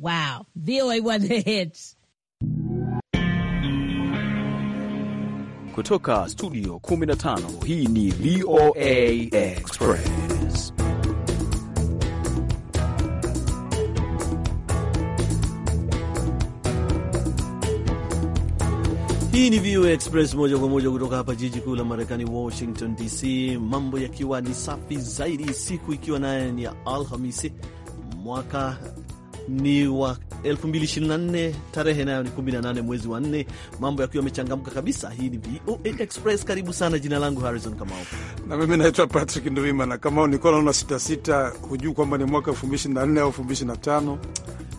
Wow, VOA One Hits kutoka studio 15. Hii ni VOA Express. Hii ni VOA Express moja kwa moja kutoka hapa jiji kuu la Marekani, Washington DC, mambo yakiwa ni safi zaidi, siku ikiwa naye ni ya Alhamisi mwaka ni wa 2024 tarehe nayo ni 18 mwezi wa nne, mambo yakiwa yamechangamka kabisa. Hii ni VOA Express, karibu sana. Jina langu Harrison Kamau na mimi naitwa Patrick Nduimana. Kamau nilikuwa una sitasita, hujui kwamba ni mwaka 2024 au 2025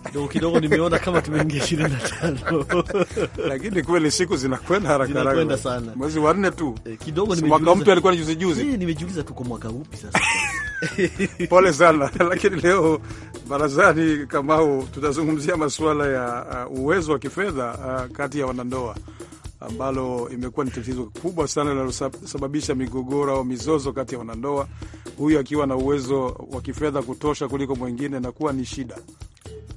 kidogo kidogo nimeona kama tumeingia ishirini na tano lakini kweli siku zinakwenda haraka haraka sana. Mwezi wa nne tu e, kidogo mwaka mpya alikuwa ni juzi juzi. Eh, nimejiuliza tuko mwaka upi sasa? Pole sana lakini leo barazani, Kamau, tutazungumzia masuala ya uh, uwezo wa kifedha uh, kati ya wanandoa ambalo imekuwa ni tatizo kubwa sana linalosababisha migogoro au mizozo kati ya wanandoa, huyu akiwa na uwezo wa kifedha kutosha kuliko mwingine na kuwa ni shida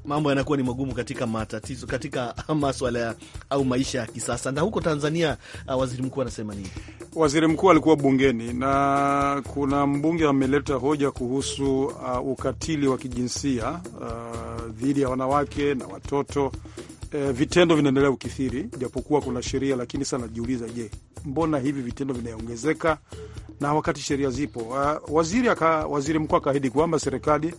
mambo yanakuwa ni magumu katika matatizo, katika maswala au maisha ya kisasa. Na huko Tanzania, uh, waziri mkuu anasema nini? Waziri mkuu alikuwa bungeni na kuna mbunge ameleta hoja kuhusu uh, ukatili wa kijinsia uh, dhidi ya wanawake na watoto Eh, vitendo vinaendelea ukithiri, japokuwa kuna sheria, lakini sana najiuliza, je, mbona hivi vitendo vinaongezeka na wakati sheria zipo? Uh, waziri aka, waziri mkuu akaahidi kwamba serikali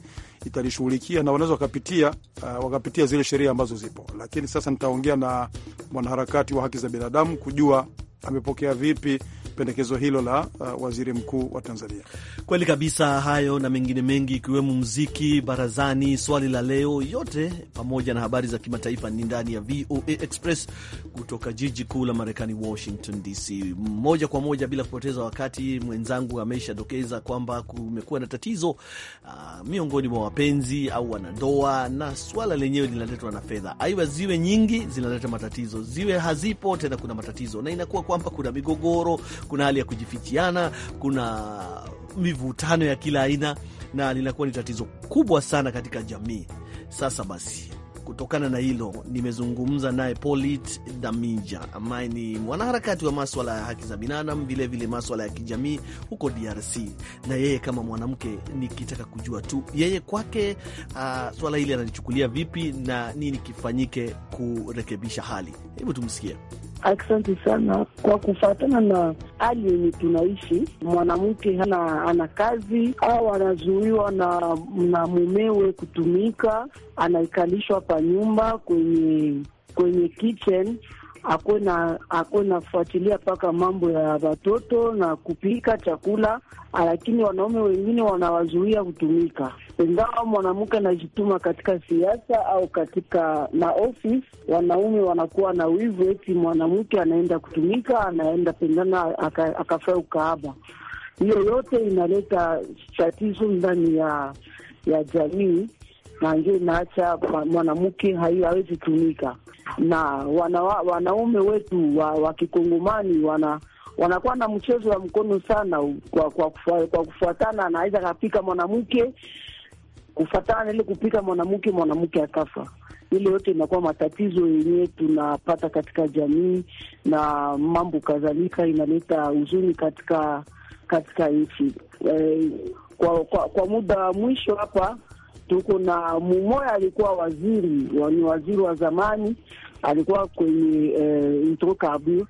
italishughulikia na wanaweza wakapitia, uh, wakapitia zile sheria ambazo zipo, lakini sasa nitaongea na mwanaharakati wa haki za binadamu kujua amepokea vipi pendekezo hilo la uh, waziri mkuu wa Tanzania. Kweli kabisa, hayo na mengine mengi ikiwemo mziki barazani, swali la leo, yote pamoja na habari za kimataifa ni ndani ya VOA Express kutoka jiji kuu la Marekani, Washington DC, moja kwa moja bila kupoteza wakati. Mwenzangu ameshadokeza kwamba kumekuwa na tatizo uh, miongoni mwa wapenzi au wanandoa, na swala lenyewe linaletwa na fedha. Aiwa ziwe nyingi zinaleta matatizo, ziwe hazipo tena kuna matatizo, na inakuwa kwamba kuna migogoro, kuna hali ya kujifichiana, kuna mivutano ya kila aina, na linakuwa ni tatizo kubwa sana katika jamii. Sasa basi kutokana na hilo nimezungumza naye Polit Daminja ambaye ni mwanaharakati wa maswala ya haki za binadamu, vilevile maswala ya kijamii huko DRC. Na yeye kama mwanamke, nikitaka kujua tu yeye kwake, uh, swala hili analichukulia vipi na nini kifanyike kurekebisha hali. Hebu tumsikie. Asante sana. Kwa kufatana na hali yenye tunaishi, mwanamke ana, ana kazi au anazuiwa na, na mumewe kutumika, anaikalishwa pa nyumba kwenye kwenye kitchen akona fuatilia mpaka mambo ya watoto na kupika chakula, lakini wanaume wengine wanawazuia kutumika. Ingawa mwanamke anajituma katika siasa au katika na office, wanaume wanakuwa na wivu, eti mwanamke anaenda kutumika, anaenda pengana akafaa ukahaba. Hiyo yote inaleta tatizo ndani ya ya jamii na hiyo inaacha mwanamke hawezi tumika, na wana, wanaume wetu wa, wa kikongomani wana wanakuwa na mchezo wa mkono sana kwa, kwa, kwa, kwa kufuatana, anaweza kapika mwanamke kufuatana ile kupika mwanamke mwanamke akafa. Ile yote inakuwa matatizo yenyewe tunapata katika jamii na mambo kadhalika, inaleta huzuni katika katika nchi e, kwa, kwa, kwa muda wa mwisho hapa tuko na mumoya, alikuwa waziri ni waziri wa zamani, alikuwa kwenye eh, introkabur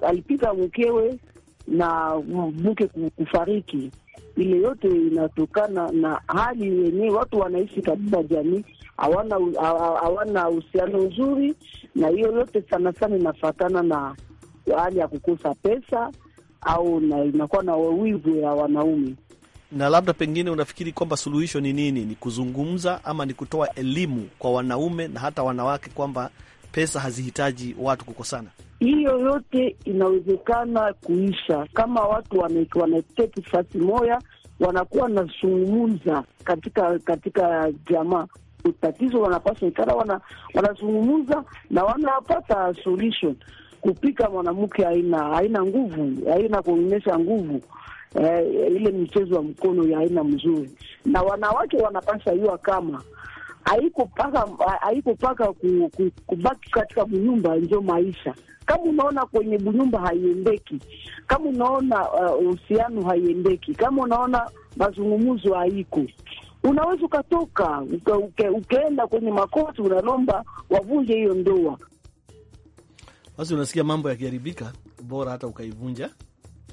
alipika mkewe na mke kufariki. Ile yote inatokana na hali yenyewe watu wanaishi katika jamii, hawana hawana uhusiano nzuri, na hiyo yote sana sana inafatana na hali ya kukosa pesa au na, inakuwa na wivu ya wanaume na labda pengine unafikiri kwamba suluhisho ni nini? Ni kuzungumza ama ni kutoa elimu kwa wanaume na hata wanawake kwamba pesa hazihitaji watu kukosana? Hiyo yote inawezekana kuisha kama watu wanaketi fasi moya, wanakuwa nazungumza katika katika jamaa tatizo, wanapaswa ikara wana, wanazungumza na wanapata solution. Kupika mwanamke haina haina nguvu, haina kuonyesha nguvu eh, ile michezo ya mkono ya aina mzuri, na wanawake wanapasa hiyo kama haiko paka kubaki katika bunyumba njo maisha. Kama unaona kwenye bunyumba haiendeki, kama unaona uh, uhusiano uh, haiendeki, kama unaona mazungumzo haiko, unaweza ukatoka uke, uke, ukeenda kwenye makoti unalomba wavunje hiyo ndoa. Basi unasikia mambo yakiharibika, bora hata ukaivunja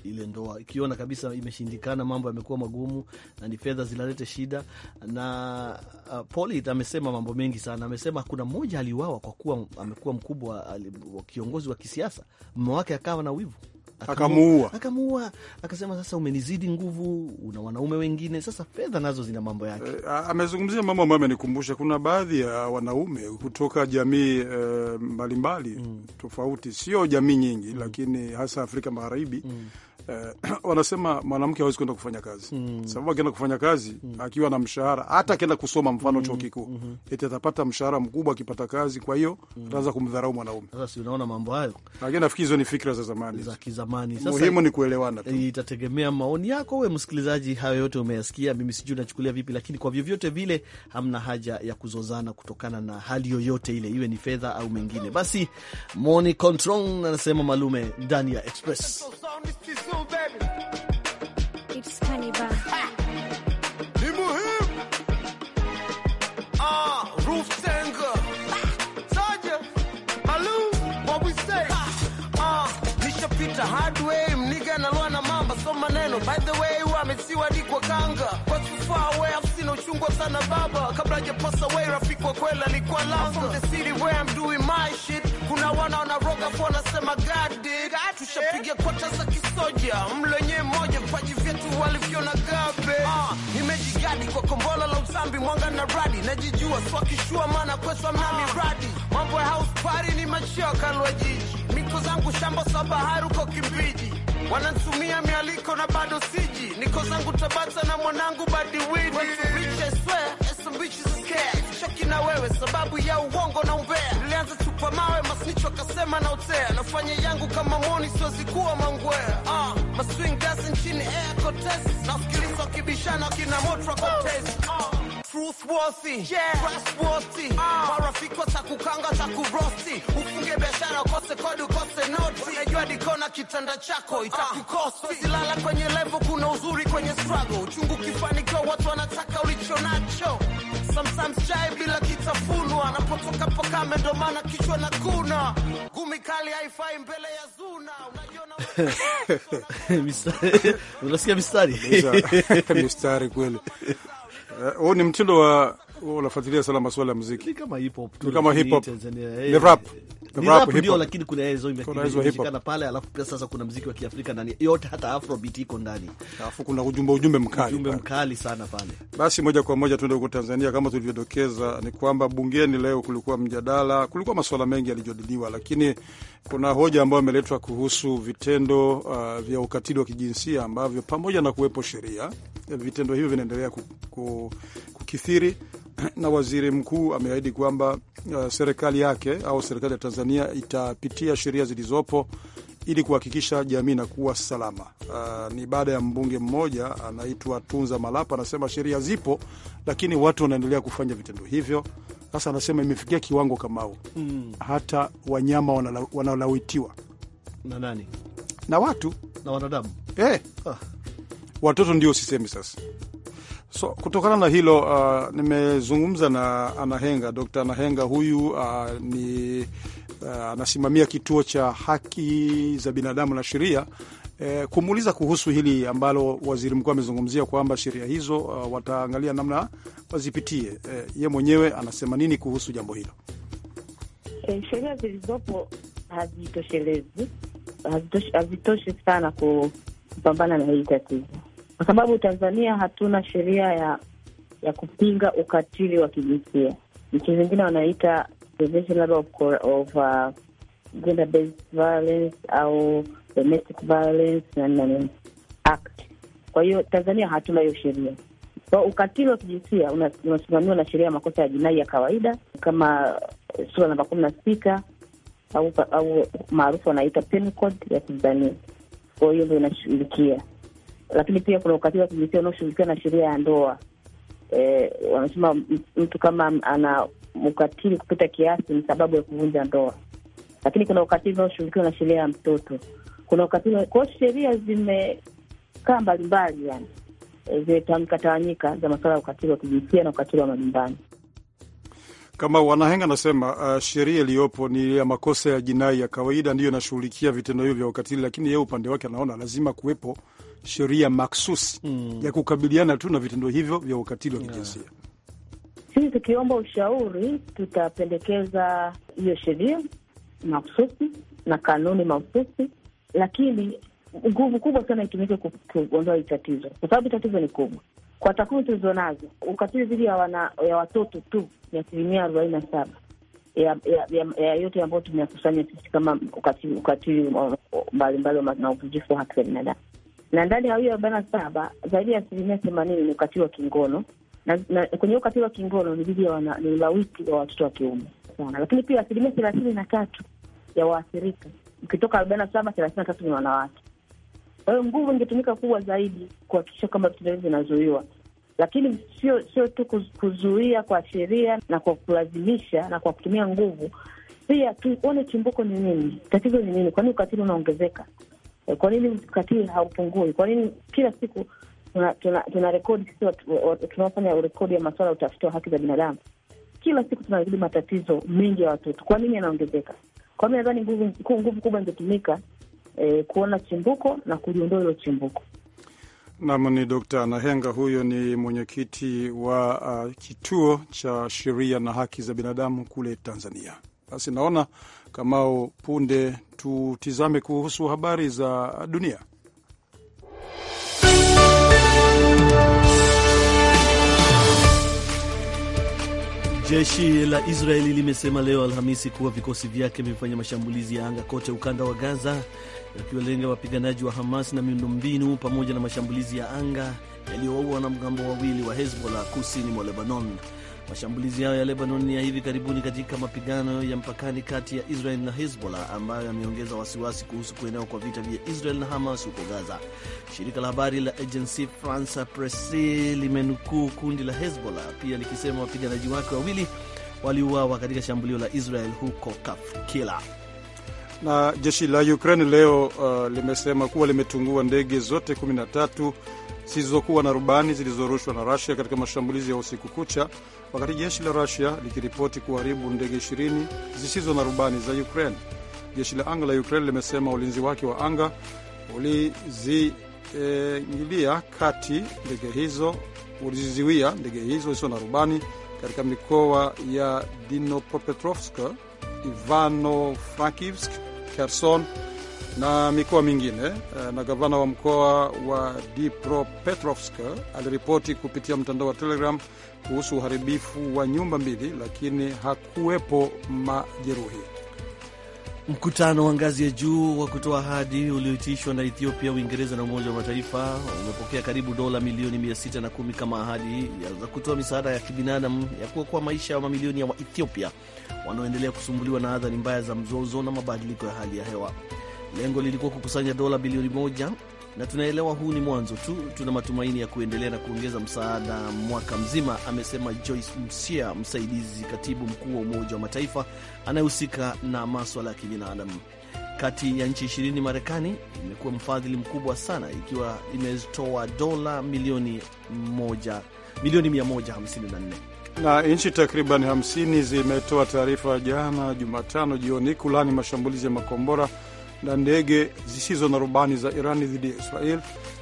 ile ndoa, ikiona kabisa imeshindikana, mambo yamekuwa magumu na ni fedha zinalete shida. Na uh, Polit amesema mambo mengi sana. Amesema kuna mmoja aliuawa kwa kuwa amekuwa mkubwa, wa kiongozi wa kisiasa, mume wake akawa na wivu akamuua akamuua, akasema sasa, umenizidi nguvu, una wanaume wengine. Sasa fedha nazo zina mambo yake. E, amezungumzia mambo ambayo amenikumbusha, kuna baadhi ya wanaume kutoka jamii eh, mbalimbali e, mm. tofauti, sio jamii nyingi mm. lakini hasa Afrika Magharibi mm eh, wanasema mwanamke hawezi kwenda kufanya kazi mm. Sababu akienda kufanya kazi mm. akiwa na mshahara hata akienda kusoma mfano mm. chuo kikuu mm -hmm. eti atapata mshahara mkubwa akipata kazi, kwa hiyo mm. ataanza mm. kumdharau mwanaume. Sasa si unaona mambo hayo, lakini nafikiri hizo ni fikra za zamani za kizamani. Sasa muhimu ni kuelewana tu, itategemea maoni yako wewe msikilizaji. Hayo yote umeyasikia, mimi sijui unachukulia vipi, lakini kwa vyovyote vile hamna haja ya kuzozana kutokana na hali yoyote ile, iwe ni fedha au mengine. Basi Moni Control anasema malume ndani ya Express muhimu baby. It's funny ba. Ni muhimu. Ah, roof singer. Soldier. Malu, what we say. Ah, nishapita hard way, mniga naloa na mamba so no. By the way, wamesiwa dikwa but What's far away? na uchungu sana baba, kabla hajapasa away, rafiki wa kweli alikuwa lango from the city where I'm doing my shit. Kuna wana wana roga kwa nasema god dig, tushapiga kota za kisoja, mlenye moja mmoja, vipaji walivyo na gabe. Uh, ah. nimejigadi kwa kombola la utambi, mwanga na radi, najijua swakishua, maana kwesa mna ah. radi mambo ya house party ni machoka lwa jiji, miko zangu shamba sa bahari uko Kimbiji wanatumia mialiko na bado siji, niko zangu Tabata na mwanangu Badi badiwiichoki na wewe sababu ya uongo na umbea, nilianza tupa mawe masnicho akasema na utea, nafanya yangu kama moni, siwezi kuwa mangwea uh, ah, maswingas nchini air contest, nasikiliza wakibishana wakina motra contest uh, ah, worthy yeah, trustworthy ah. marafiki uh, watakukanga takurosti badi kona kitanda chako itakukosa uh, silala kwenye levo, kuna uzuri kwenye struggle, uchungu kifanikiwa, watu wanataka nacho. Sometimes chai bila kitafunwa, anapotoka pakame, ndo maana kichwa na kuna gumi kali haifai mbele ya zuna, unajiona unasikia mistari mistari kweli. Eh, huu ni mtindo wa, unafuatilia sana masuala ya muziki kama hip hop, kama hip hop eh, ni rap ndio, lakini kuna hizo pale, alafu pia sasa kuna wa Kiafrika ndani yote, hata afrobeat iko ndani, alafu kuna ujumbe ujumbe mkali ujumbe mkali sana pale. Basi moja kwa moja tuende huko Tanzania. Kama tulivyodokeza, ni kwamba bungeni leo kulikuwa mjadala, kulikuwa masuala mengi yalijadiliwa, lakini kuna hoja ambayo imeletwa kuhusu vitendo uh, vya ukatili wa kijinsia ambavyo pamoja na kuwepo sheria vitendo hivyo vinaendelea kukithiri ku, na waziri mkuu ameahidi kwamba uh, serikali yake au serikali ya Tanzania itapitia sheria zilizopo ili kuhakikisha jamii inakuwa salama. Uh, ni baada ya mbunge mmoja anaitwa Tunza Malapa, anasema sheria zipo, lakini watu wanaendelea kufanya vitendo hivyo. Sasa anasema imefikia kiwango kamao, mm. hata wanyama wanalawitiwa na nani? na watu na wanadamu eh. ah. watoto ndio sisemi sasa So kutokana na hilo uh, nimezungumza na Anahenga, Dr. Anahenga huyu uh, ni uh, anasimamia kituo cha haki za binadamu na sheria eh, kumuuliza kuhusu hili ambalo waziri mkuu amezungumzia kwamba sheria hizo uh, wataangalia namna wazipitie. Eh, ye mwenyewe anasema nini kuhusu jambo hilo? E, sheria zilizopo hazitoshelezi, hazitoshi sana kupambana na hii tatizo kwa sababu Tanzania hatuna sheria ya ya kupinga ukatili wa kijinsia. Nchi zingine wanaita of, uh, gender based violence au domestic violence um, act. Kwa hiyo Tanzania hatuna hiyo sheria. So, ukatili wa kijinsia unasimamiwa na sheria ya makosa ya jinai ya kawaida kama uh, sura namba kumi na sita au, au maarufu wanaita penal code ya Tanzania. Kwa hiyo ndo inashughulikia lakini pia kuna ukatili wa kijinsia unaoshughulikiwa na sheria ya ndoa. E, wanasema mtu kama ana ukatili kupita kiasi ni sababu ya kuvunja ndoa, lakini kuna ukatili unaoshughulikiwa na sheria ya mtoto. Kuna ukatili kwao, sheria zimekaa mbalimbali, yani e, zimetamka tawanyika za masuala ya ukatili wa kijinsia na ukatili wa majumbani. Kama Wanahenga anasema uh, sheria iliyopo ni ya makosa ya jinai ya kawaida ndiyo inashughulikia vitendo hivyo vya ukatili, lakini yeye upande wake anaona lazima kuwepo sheria maksusi mm. ya kukabiliana tu na vitendo hivyo vya ukatili wa kijinsia yeah. Sisi tukiomba ushauri, tutapendekeza hiyo sheria mahususi na kanuni mahususi, lakini nguvu kubwa sana itumike kuondoa hii tatizo, kwa sababu tatizo ni kubwa. Kwa takwimu tulizo nazo, ukatili dhidi ya wana, ya watoto tu ni asilimia arobaini na saba ya, ya, ya, ya yote ambayo tumeyakusanya sisi kama ukatili mbalimbali na uvunjifu wa haki za binadamu na ndani ya hiyo arobaini na saba zaidi ya asilimia themanini ni ukatili wa kingono na, na kwenye ukatili wa kingono ni dhidi ya ni ulawiti wa watoto wa kiume sana, lakini pia asilimia thelathini na tatu ya waathirika ukitoka arobaini na saba thelathini na tatu ni wanawake. Kwa hiyo nguvu ingetumika kubwa zaidi kuhakikisha kwamba vitendo hivi vinazuiwa, lakini sio sio tu kuzuia kwa sheria na kwa kulazimisha na kwa kutumia nguvu. Pia tuone chimbuko ni nini, tatizo ni nini, kwani ukatili unaongezeka Eh, kwa nini ukatili haupungui? Kwa nini kila siku tuna, tuna, tuna rekodi sisi tunaofanya rekodi ya masuala ya utafiti wa haki za binadamu, kila siku tunazidi matatizo mengi ya watoto. Kwa nini yanaongezeka? Kwa mi nadhani nguvu kubwa ingetumika eh, kuona chimbuko na kuliondoa hilo chimbuko. Nam ni Dkt Nahenga, huyo ni mwenyekiti wa uh, kituo cha sheria na haki za binadamu kule Tanzania. Basi naona Kamao, punde tutizame kuhusu habari za dunia. Jeshi la Israeli limesema leo Alhamisi kuwa vikosi vyake vimefanya mashambulizi ya anga kote ukanda wa Gaza yakiwalenga wapiganaji wa Hamas na miundombinu pamoja na mashambulizi ya anga yaliyowaua wanamgambo wawili wa Hezbollah kusini mwa Lebanon. Mashambulizi hayo ya Lebanon ni ya hivi karibuni katika mapigano ya mpakani kati ya Israel na Hezbollah ambayo yameongeza wasiwasi kuhusu kuenewa kwa vita vya Israel na Hamas huko Gaza. Shirika la habari la Agency France Presse limenukuu kundi la Hezbollah pia likisema wapiganaji wake wawili waliuawa katika shambulio la Israel huko Kafkila. Na jeshi la Ukraine leo uh, limesema kuwa limetungua ndege zote 13 zisizokuwa na rubani zilizorushwa na Rusia katika mashambulizi ya usiku kucha, wakati jeshi la Rusia likiripoti kuharibu ndege 20 zisizo na rubani za Ukraine. Jeshi la anga la Ukraine limesema ulinzi wake wa anga uliziingilia e, kati ndege hizo ulizizuia ndege hizo zisizo na rubani katika mikoa ya Dnipropetrovsk, Ivano Frankivsk, Kherson na mikoa mingine. Eh, na gavana wa mkoa wa Dnipropetrovsk aliripoti kupitia mtandao wa Telegram kuhusu uharibifu wa nyumba mbili, lakini hakuwepo majeruhi. Mkutano wa ngazi ya juu wa kutoa ahadi ulioitishwa na Ethiopia, Uingereza na Umoja wa Mataifa umepokea karibu dola milioni 610 kama ahadi za kutoa misaada ya kibinadamu ya kuokoa maisha ya mamilioni ya Waethiopia wanaoendelea kusumbuliwa na adhari mbaya za mzozo na mabadiliko ya hali ya hewa. Lengo lilikuwa kukusanya dola bilioni moja na tunaelewa huu ni mwanzo tu. Tuna matumaini ya kuendelea na kuongeza msaada mwaka mzima, amesema Joyce Msia, msaidizi katibu mkuu wa Umoja wa Mataifa anayehusika na maswala ya kibinadamu. Kati ya nchi ishirini, Marekani imekuwa mfadhili mkubwa sana, ikiwa imetoa dola milioni 154 na nchi takriban 50 zimetoa taarifa jana Jumatano jioni kulani mashambulizi ya makombora na ndege zisizo na rubani za Irani dhidi ya Israel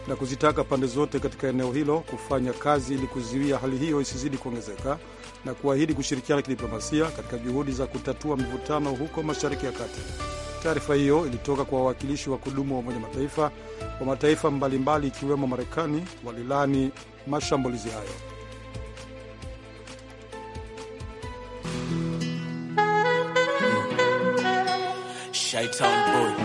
na kuzitaka pande zote katika eneo hilo kufanya kazi ili kuzuia hali hiyo isizidi kuongezeka na kuahidi kushirikiana kidiplomasia katika juhudi za kutatua mivutano huko Mashariki ya Kati. Taarifa hiyo ilitoka kwa wawakilishi wa kudumu wa Umoja Mataifa wa mataifa mbalimbali ikiwemo Marekani, walilani mashambulizi hayo. Chi-Town Boy.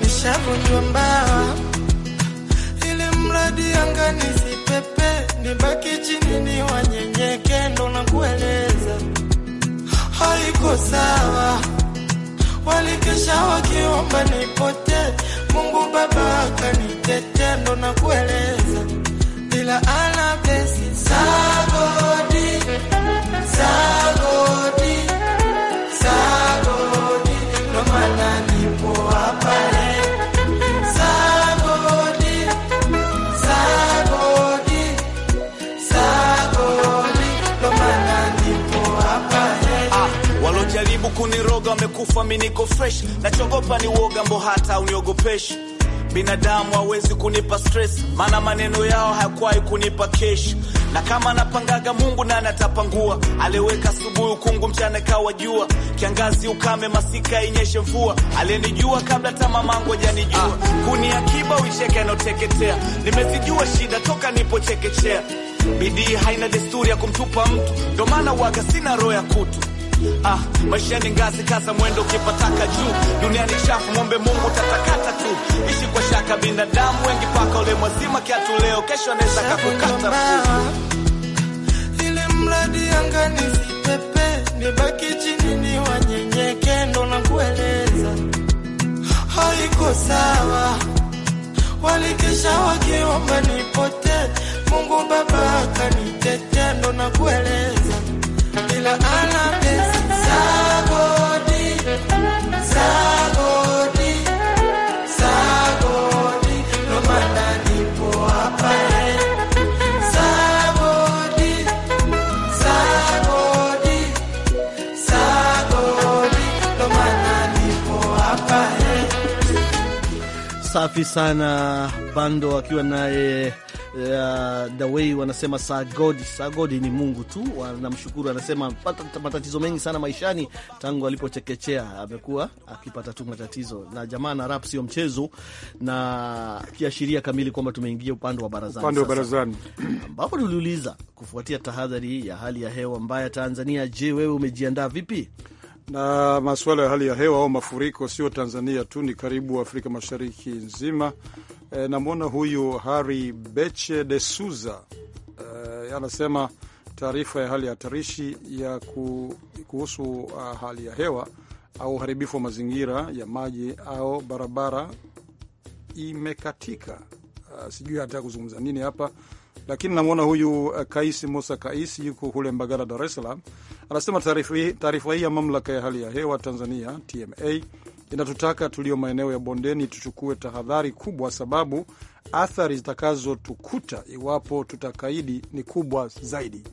Nishavunjwa mbawa, ili mradi angani sipepe, nibaki chini ni wanyenyeke, ndo nakueleza haiko sawa, walikesha wakiomba nipote Mungu Baba kanitetea, ndo nakueleza bila ana pesi sabo kufa, mi niko fresh. Nachogopa ni uoga, mbo hata uniogopeshi binadamu hawezi kunipa stress, maana maneno yao hayakwai kunipa kesh. Na kama napangaga Mungu nani atapangua? Aliweka asubuhi ukungu, mchana kawa jua, kiangazi ukame, masika inyeshe mvua. Aliyenijua kabla hata mamangu hajanijua, kuni akiba uicheke anaoteketea. Nimezijua shida toka nipo chekechea. bidii haina desturi ya kumtupa mtu, ndo maana waga sina roho ya kutu Ah, maisha ni ngazi, kaza mwendo ukipataka juu. Dunia ni chafu, mwombe Mungu tatakata tu. Ishi kwa shaka, binadamu wengi paka ule mwazima kiatu leo, kesho anaweza kakukata ile mradi angani zipepe nibaki chini ni wanyenyeke, ndo kueleza haiko sawa. Walikesha wakiomba nipote, Mungu Baba akanitete, ndo kueleza Bila alapis, this sagodi. Safi sana bando akiwa naye uh, wanasema sagodi sagodi ni Mungu tu wanamshukuru. Anasema pata matatizo mengi sana maishani tangu alipochekechea, amekuwa akipata tu matatizo na jamaa na rap sio mchezo, na kiashiria kamili kwamba tumeingia upande wa barazani, upande wa barazani ambapo tuliuliza kufuatia tahadhari ya hali ya hewa mbaya Tanzania. Je, wewe umejiandaa vipi? Na masuala ya hali ya hewa au mafuriko sio Tanzania tu, ni karibu Afrika Mashariki nzima. E, namwona huyu Hari Beche de suza e, anasema taarifa ya hali ya hatarishi ya kuhusu uh, hali ya hewa au uharibifu wa mazingira ya maji au barabara imekatika. Uh, sijui hata kuzungumza nini hapa lakini namwona huyu eh, Kaisi Musa Kaisi yuko kule Mbagala, Dar es Salaam, anasema taarifa hii ya mamlaka ya hali ya hewa Tanzania TMA inatutaka tulio maeneo ya bondeni tuchukue tahadhari kubwa, sababu athari zitakazotukuta iwapo tutakaidi ni kubwa zaidi.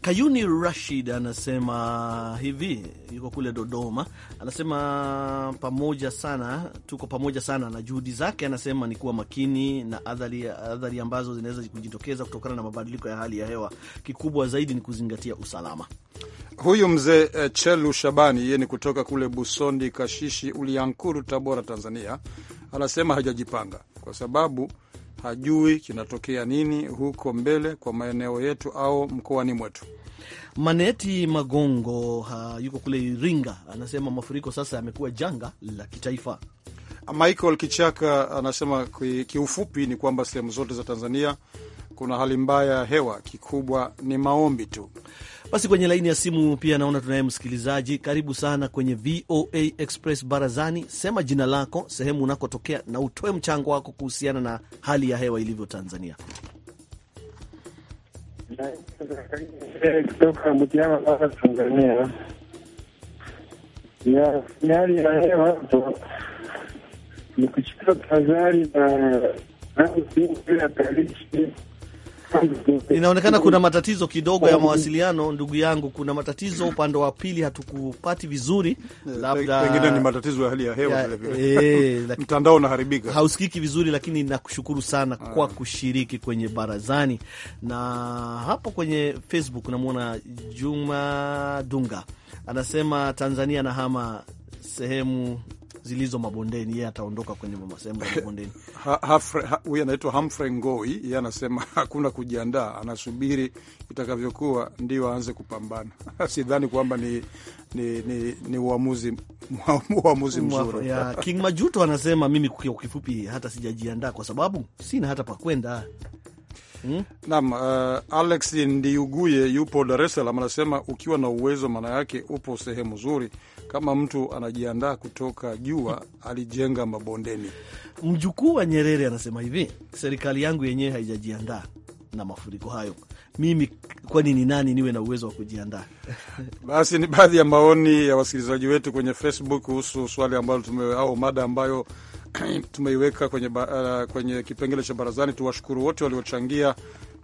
Kayuni Rashid anasema hivi, yuko kule Dodoma, anasema pamoja sana, tuko pamoja sana na juhudi zake. Anasema ni kuwa makini na adhari, ambazo zinaweza kujitokeza kutokana na mabadiliko ya hali ya hewa. Kikubwa zaidi ni kuzingatia usalama. Huyu mzee eh, Chelu Shabani, yeye ni kutoka kule Busondi Kashishi, Uliankuru, Tabora, Tanzania, anasema hajajipanga kwa sababu hajui kinatokea nini huko mbele kwa maeneo yetu au mkoani mwetu. Maneti Magongo ha, yuko kule Iringa, anasema mafuriko sasa yamekuwa janga la kitaifa. Michael Kichaka anasema kiufupi ni kwamba sehemu zote za Tanzania kuna hali mbaya ya hewa, kikubwa ni maombi tu. Basi kwenye laini ya simu pia naona tunaye msikilizaji. Karibu sana kwenye VOA Express Barazani. Sema jina lako, sehemu unakotokea na utoe mchango wako kuhusiana na hali ya hewa ilivyo Tanzania. Kutoka Mutiama mpaka hali ya hewa hapo ni kuchukua tahadhari na Inaonekana kuna matatizo kidogo ya mawasiliano, ndugu yangu, kuna matatizo upande wa pili, hatukupati vizuri, labda pengine ni matatizo ya hali ya hewa vile vile, eh, mtandao unaharibika, hausikiki vizuri, lakini nakushukuru sana ah. kwa kushiriki kwenye barazani. Na hapo kwenye Facebook namwona Juma Dunga anasema Tanzania nahama sehemu zilizo mabondeni, yeye ataondoka kwenye masehemu ya mabondeni. Huyu anaitwa Humphrey Ngoi, yeye anasema hakuna kujiandaa, anasubiri itakavyokuwa ndio aanze kupambana. Sidhani kwamba ni, ni, ni, ni uamuzi, uamuzi mzuri ya King Majuto anasema mimi, kwa kifupi, hata sijajiandaa kwa sababu sina hata pakwenda mm? Naam, uh, Alex Ndiuguye yupo Dar es Salaam anasema ukiwa na uwezo, maana yake upo sehemu nzuri. Kama mtu anajiandaa kutoka jua, alijenga mabondeni. Mjukuu wa Nyerere anasema hivi, serikali yangu yenyewe haijajiandaa na mafuriko hayo mimi kwani ni nani niwe na uwezo wa kujiandaa? Basi ni baadhi ya maoni ya wasikilizaji wetu kwenye Facebook kuhusu swali ambalo tume au mada ambayo tumeiweka kwenye, uh, kwenye kipengele cha barazani. Tuwashukuru wote waliochangia,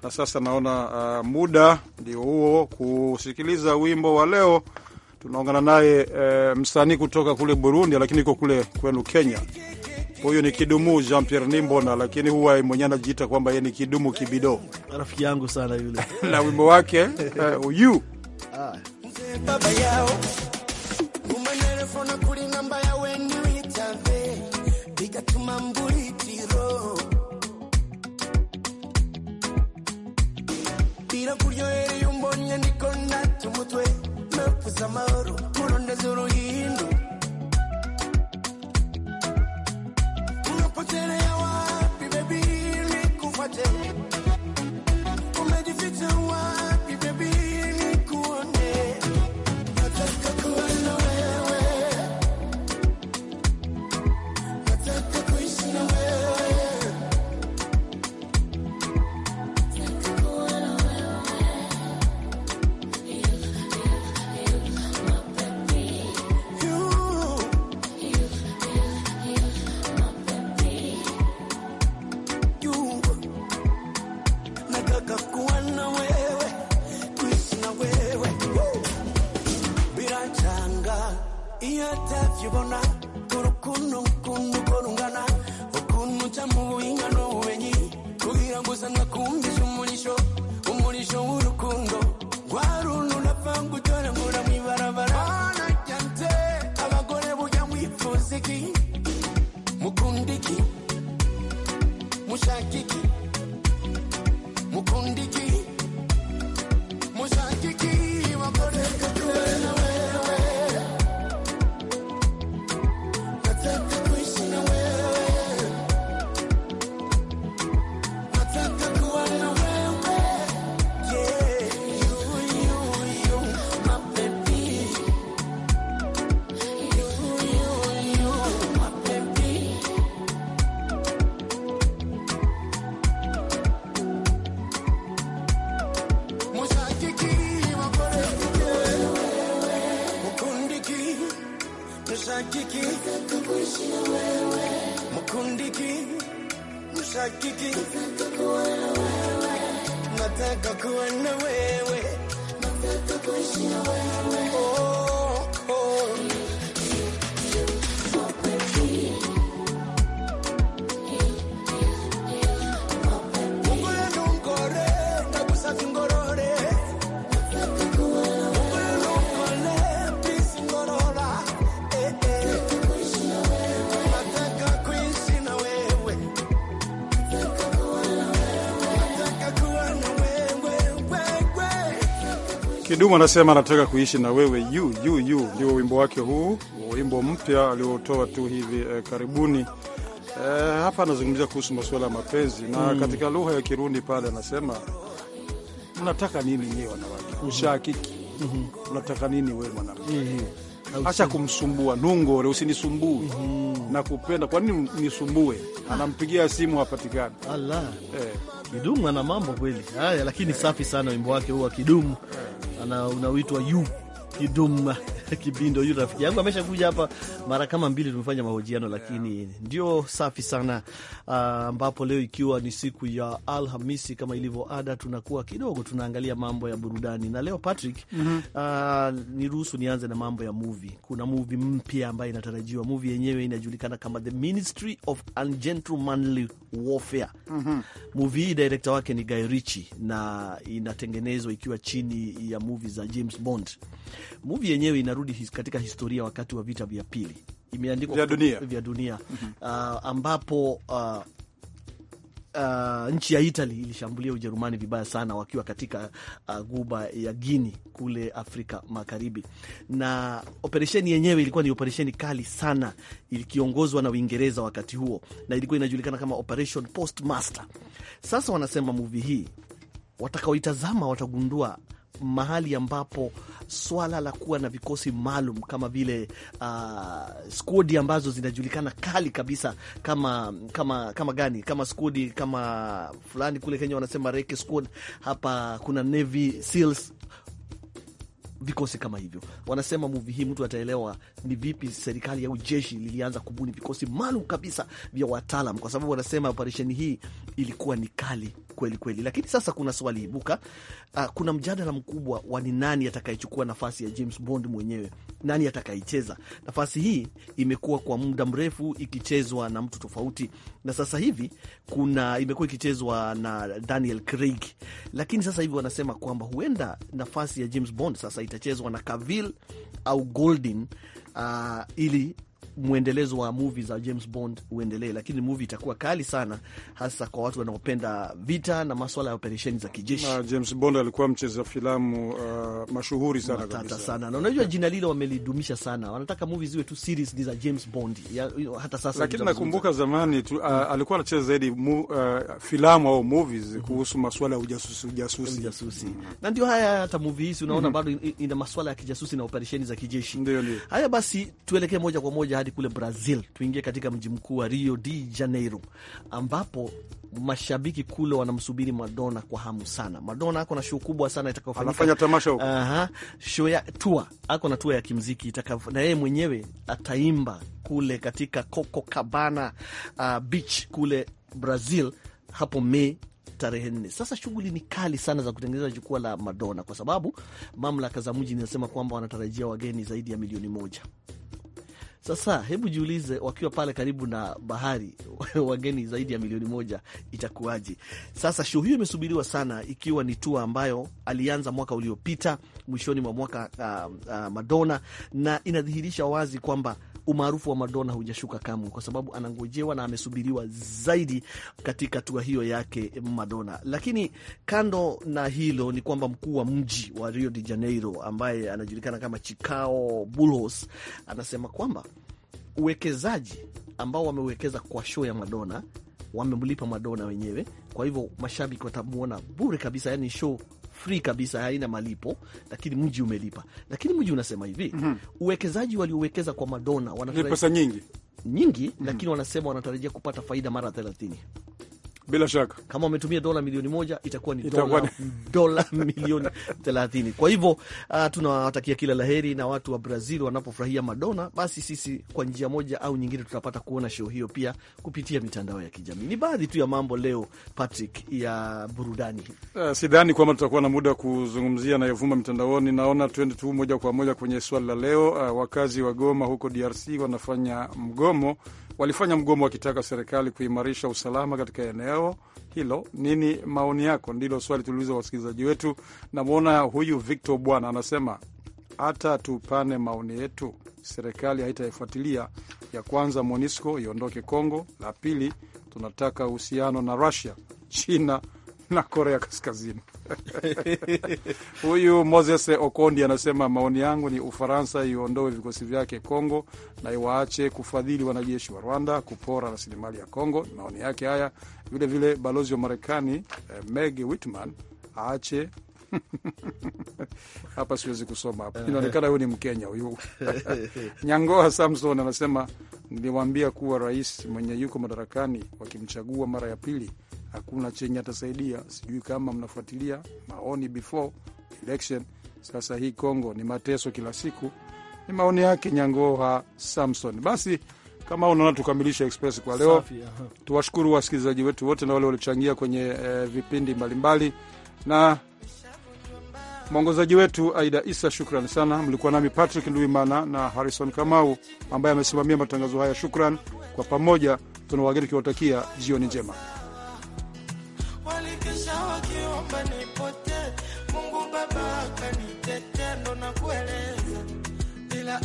na sasa naona uh, muda ndio huo kusikiliza wimbo wa leo. Tunaongana naye uh, msanii kutoka kule Burundi, lakini iko kule kwenu Kenya. Huyu ni Kidumu Jean Pierre Nimbona, lakini huwa mwenyewe anajiita kwamba yeye ni Kidumu Kibido, rafiki yangu sana yule na wimbo wake uh, uyu ah. ndeza amahoro kuno ndeza uruhindu unapotelea wapi bebi nikufuate umejificha wapi Kidumu anasema anataka kuishi na wewe yu yu yu, ndio wimbo wake huu, wimbo mpya aliotoa tu hivi eh, karibuni. Eh, hapa anazungumzia kuhusu masuala ya mapenzi na mm, katika lugha ya Kirundi pale anasema mnataka nini nyewe wanawake, mhm. mnataka mm -hmm. Unataka nini wewe mwanamke mm -hmm acha kumsumbua Nungore, usinisumbue mm -hmm. na kupenda, kwa nini nisumbue? Anampigia simu hapatikani. Allah eh. Kidumu ana mambo kweli haya, lakini eh. safi sana wimbo wake wa Kidumu eh. ana unawitwa yu Kidum Kibindo, yule rafiki yangu ameshakuja hapa mara kama mbili, tumefanya mahojiano lakini yeah. Ndio safi sana, ah, ambapo uh, leo ikiwa ni siku ya Alhamisi kama ilivyo ada, tunakuwa kidogo tunaangalia mambo ya burudani na leo Patrick, mm -hmm. uh, niruhusu nianze na mambo ya movie. Kuna movie mpya ambayo inatarajiwa. Movie yenyewe inajulikana kama The Ministry of Ungentlemanly Warfare. mm -hmm. Movie hii director wake ni Guy Ritchie na inatengenezwa ikiwa chini ya movie za James Bond. Movie yenyewe inarudi his, katika historia wakati wa vita vya pili imeandikwa vya dunia, vya dunia. Mm -hmm. uh, ambapo uh, Uh, nchi ya Italy ilishambulia Ujerumani vibaya sana wakiwa katika uh, guba ya guini kule Afrika Magharibi, na operesheni yenyewe ilikuwa ni operesheni kali sana, ikiongozwa na Uingereza wakati huo, na ilikuwa inajulikana kama Operation Postmaster. Sasa wanasema muvi hii watakaoitazama watagundua mahali ambapo swala la kuwa na vikosi maalum kama vile uh, skodi ambazo zinajulikana kali kabisa kama kama kama gani kama skodi kama fulani kule Kenya wanasema reke squad, hapa kuna Navy Seals vikosi kama hivyo. Wanasema muvi hii mtu ataelewa ni vipi serikali au jeshi lilianza kubuni vikosi maalum kabisa vya wataalam, kwa sababu wanasema operesheni hii ilikuwa ni kali kweli kweli. Lakini sasa kuna swali ibuka. Uh, ah, kuna mjadala mkubwa wa ni nani atakayechukua nafasi ya James Bond mwenyewe, nani atakayecheza nafasi hii. Imekuwa kwa muda mrefu ikichezwa na mtu tofauti, na sasa hivi kuna imekuwa ikichezwa na Daniel Craig, lakini sasa hivi wanasema kwamba huenda nafasi ya James Bond sasa itachezwa na Cavill au Goldin uh, ili mwendelezo wa movie za James Bond uendelee, lakini movie itakuwa kali sana, hasa kwa watu wanaopenda vita na maswala ya operesheni za kijeshi. Na James Bond alikuwa mcheza filamu uh, mashuhuri sana kabisa sana, na unajua jina lile wamelidumisha sana, wanataka movie ziwe tu series ni za James Bond ya, hata sasa. Lakini nakumbuka zamani tu, uh, alikuwa anacheza zaidi uh, filamu au movies kuhusu maswala ya ujasusi ujasusi, ujasusi. Na ndio haya hata movie hizi unaona, mm -hmm. bado ina maswala ya kijasusi na operesheni za kijeshi. Ndio, ndio. Haya basi tuelekee moja kwa moja hadi kule Brazil. Tuingie katika mji mkuu wa Rio de Janeiro, ambapo mashabiki kule wanamsubiri Madonna kwa hamu sana. Madonna ako na show kubwa sana itakayofanya tamasha huko, aha, show ya tour, ako na tour ya kimziki itakayo, na yeye mwenyewe ataimba kule katika Copacabana uh, beach kule Brazil hapo Mei tarehe nne. Sasa shughuli ni kali sana za kutengeneza jukwaa la Madonna kwa sababu mamlaka za mji zinasema kwamba wanatarajia wageni zaidi ya milioni moja. Sasa hebu jiulize, wakiwa pale karibu na bahari wageni zaidi ya milioni moja itakuwaje? Sasa show hiyo imesubiriwa sana, ikiwa ni tua ambayo alianza mwaka uliopita mwishoni mwa mwaka uh, uh, Madonna, na inadhihirisha wazi kwamba umaarufu wa Madonna hujashuka kamwe, kwa sababu anangojewa na amesubiriwa zaidi katika tua hiyo yake Madonna. Lakini kando na hilo, ni kwamba mkuu wa mji wa Rio de Janeiro ambaye anajulikana kama Chicao Bulhos anasema kwamba uwekezaji ambao wamewekeza kwa show ya Madonna wamemlipa Madonna wenyewe, kwa hivyo mashabiki watamwona bure kabisa, yani show free kabisa, haina malipo, lakini mji umelipa. Lakini mji unasema hivi mm -hmm. uwekezaji waliowekeza kwa Madonna wana pesa nyingi nyingi, mm -hmm. lakini wanasema wanatarajia kupata faida mara thelathini. Bila shaka kama umetumia dola milioni moja itakuwa ni dola, dola milioni thelathini. Kwa hivyo uh, tunawatakia kila laheri na watu wa Brazil wanapofurahia Madonna, basi sisi kwa njia moja au nyingine tutapata kuona show hiyo pia kupitia mitandao ya kijamii. Ni baadhi tu ya mambo leo, Patrick, ya burudani. Uh, sidhani kwamba tutakuwa na muda kuzungumzia nayovuma mitandaoni. Naona tuende tu moja kwa moja kwenye swali la leo. Uh, wakazi wa Goma huko DRC wanafanya mgomo walifanya mgomo wakitaka serikali kuimarisha usalama katika eneo hilo. Nini maoni yako? Ndilo swali tuliuliza wasikilizaji wetu. Namwona huyu Victor Bwana anasema hata tupane maoni yetu, serikali haitaifuatilia. Ya kwanza, MONUSCO iondoke Kongo. La pili, tunataka uhusiano na Russia, China na Korea Kaskazini. Huyu Moses Okondi anasema maoni yangu ni Ufaransa iondoe vikosi vyake Kongo na iwaache kufadhili wanajeshi wa Rwanda kupora rasilimali ya Kongo. Maoni yake haya. Vilevile vile balozi wa Marekani eh, Meg Whitman aache hapa siwezi kusoma hapa, inaonekana huyu ni Mkenya huyu. Nyangoa Samson anasema niliwaambia kuwa rais mwenye yuko madarakani wakimchagua mara ya pili hakuna chenye atasaidia. Sijui kama mnafuatilia maoni before election. Sasa hii Kongo ni mateso kila siku. Ni maoni yake Nyangoha Samson. Basi kama unaona, tukamilisha Express kwa leo. Tuwashukuru wasikilizaji wetu wote na wale waliochangia kwenye e, vipindi mbalimbali mbali. na mwongozaji wetu Aida Isa, shukran sana. Mlikuwa nami Patrick Nduimana na Harrison Kamau ambaye amesimamia matangazo haya. Shukran kwa pamoja, tunawageni tukiwatakia jioni njema naomba nipotee, Mungu Baba akanitetea, ndo nakueleza bila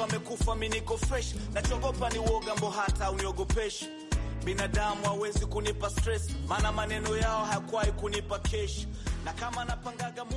watu amekufa, mimi niko fresh, nachogopa ni uoga, mbo hata uniogopeshi binadamu hawezi kunipa stress, maana maneno yao hayakuwahi kunipa kesh, na kama napangaga